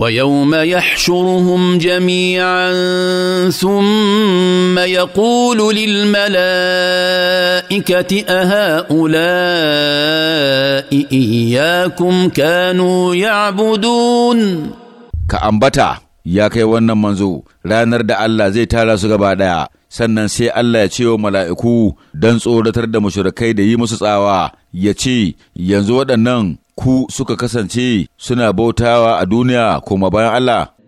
ويوم يحشرهم جميعا ثم يقول للملائكه اهؤلاء اياكم كانوا يعبدون كأنبتا يا كي wannan manzo ranar da Allah zai tara su gaba ɗaya, sannan sai Allah ya ce wa mala'iku don tsoratar da mushrikai da yi musu tsawa ya ce yanzu waɗannan ku suka kasance suna bautawa a duniya kuma bayan Allah